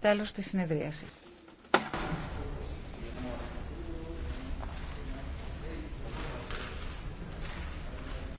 Τέλος της συνεδρίασης.